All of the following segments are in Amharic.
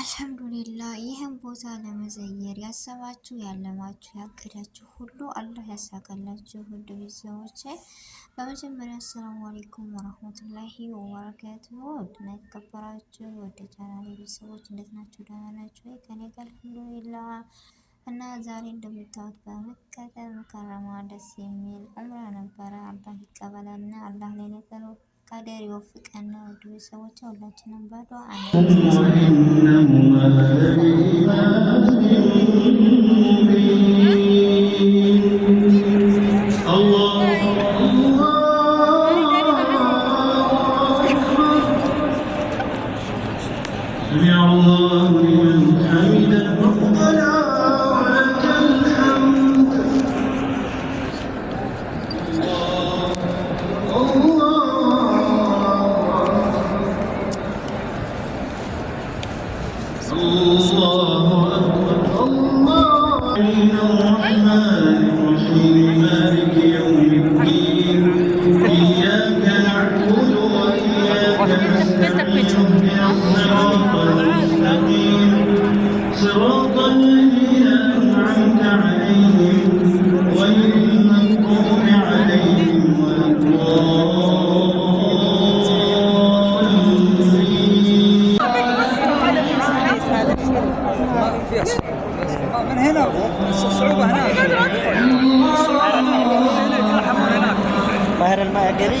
አልሐምዱሊላ ይህን ቦታ ለመዘየር ያሰባችሁ ያለማችሁ ያቀዳችሁ ሁሉ አላህ ያሳካላችሁ። ውድ ቤተሰቦች በመጀመሪያ አሰላሙ አሌይኩም ወረህመቱላሂ ወበረካቱሁ። ውድና የተከበራችሁ ወደ ቻናሌ ቤተሰቦች እንዴት ናችሁ? ደህና ናችሁ ከኔ ጋር አልሐምዱሊላ እና ዛሬ እንደምታዩት በመቀጠል ከረማ ደስ የሚል ዑምራ ነበረ። አላህ ይቀበለና አላህ ላይ ፈቃደር ይወፍቀን ነው። ውድ ቤተሰቦች ሁላችንም ባዶ አንድ هنا الصعوبه هنا الصعوبه هناك ظاهر الماء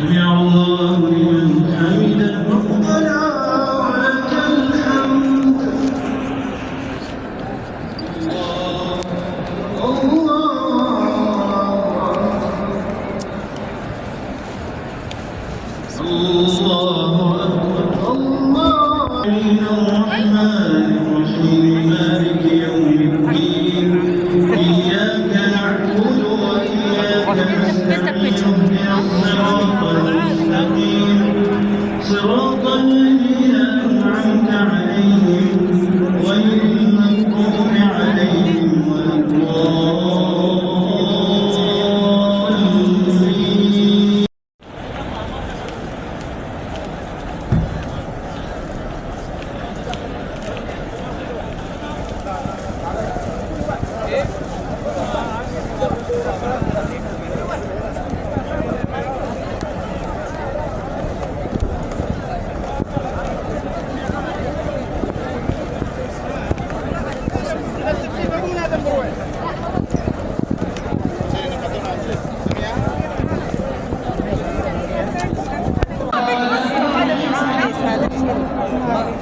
سمع الله لمن حمده ربنا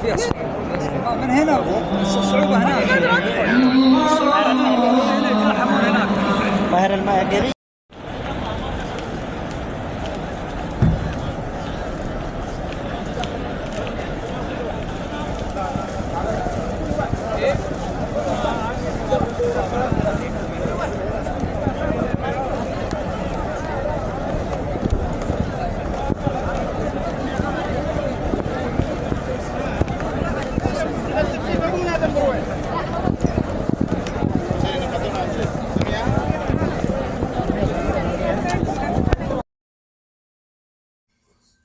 فيها صعوبه من هنا الصعوبه هناك الصعوبه هناك القاهره الماء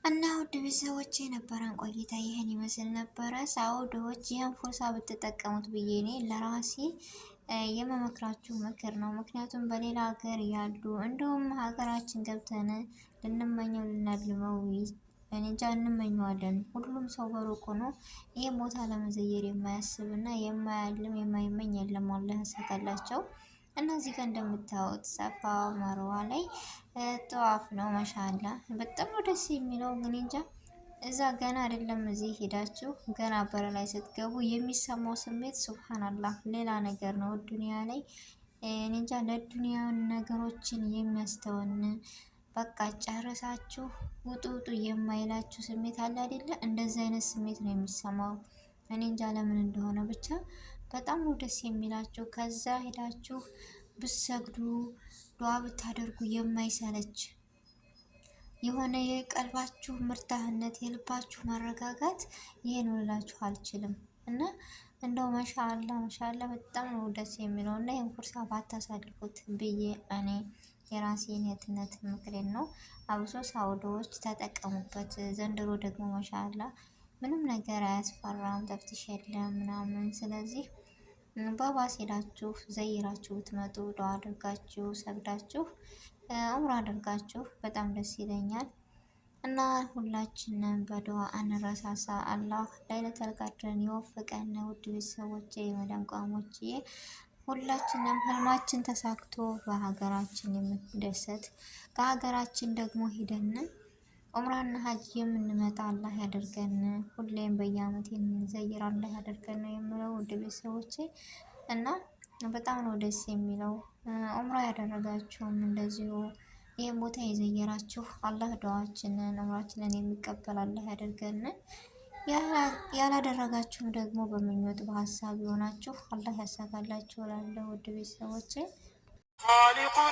እና ውድ ቤተሰቦች የነበረን ቆይታ ይህን ይመስል ነበረ። ሳውዲዎች ይህን ፎርሳ ብትጠቀሙት ብዬ እኔ ለራሴ የመመክራችሁ ምክር ነው። ምክንያቱም በሌላ ሀገር ያሉ እንዲሁም ሀገራችን ገብተን ልንመኘው ልናልመው እንጃ እንመኘዋለን። ሁሉም ሰው በሩቅ ሆኖ ይህ ቦታ ለመዘየር የማያስብ የማያስብና የማያልም የማይመኝ የለም። አላህ ያሳካላቸው። እና እዚህ ጋር እንደምታዩት ሰፋ መርዋ ላይ ጠዋፍ ነው። ማሻላ በጣም ደስ የሚለው። ግን እንጃ እዛ ገና አይደለም እዚህ ሄዳችሁ ገና በር ላይ ስትገቡ የሚሰማው ስሜት ሱብሃንአላህ ሌላ ነገር ነው። ዱንያ ላይ እንጃ ለዱንያ ነገሮችን የሚያስተውን በቃ ጨረሳችሁ ውጡ ውጡ የማይላችሁ ስሜት አለ አይደለ? እንደዚህ አይነት ስሜት ነው የሚሰማው። እኔ እንጃ ለምን እንደሆነ ብቻ በጣም ነው ደስ የሚላቸው። ከዛ ሄዳችሁ ብሰግዱ ዱዓ ብታደርጉ የማይሰለች የሆነ የቀልባችሁ ምርታህነት የልባችሁ መረጋጋት ይሄ ነው ልላችሁ አልችልም። እና እንደው ማሻአላ ማሻአላ በጣም ነው ደስ የሚለው እና ይህን ኩርሳ ባታሳልፉት ብዬ እኔ የራሴን የትነት ምክሬን ነው። አብሶ ሳውዶዎች ተጠቀሙበት። ዘንድሮ ደግሞ ማሻአላ ምንም ነገር አያስፈራም፣ ተፍትሽ የለም ምናምን ስለዚህ ባባ ሄዳችሁ ዘይራችሁ ብትመጡ ዱዓ አድርጋችሁ ሰግዳችሁ ዑምራ አድርጋችሁ በጣም ደስ ይለኛል እና ሁላችንም በዱዓ አንረሳሳ። አላህ ለይለቱል ቀድርን ይወፍቀን። ውድ ቤተሰቦቼ፣ የመዳም ቋሞቼ ሁላችንም ህልማችን ተሳክቶ በሀገራችን የምትደሰት ከሀገራችን ደግሞ ሂደን ዑምራና ሀጅ የምንመጣ አላህ ያደርገን። ሁሌም በየአመት የምንዘይር አላህ ያደርገን ነው የምለው ውድ ቤተሰቦቼ እና በጣም ነው ደስ የሚለው። ዑምራ ያደረጋችሁም እንደዚሁ ይህን ቦታ የዘየራችሁ አላህ ዱዓችንን ዑምራችንን የሚቀበል አላህ ያደርገን። ያላደረጋችሁም ደግሞ በምኞት በሀሳብ የሆናችሁ አላህ ያሳካላችሁ እላለሁ ውድ ቤተሰቦቼ።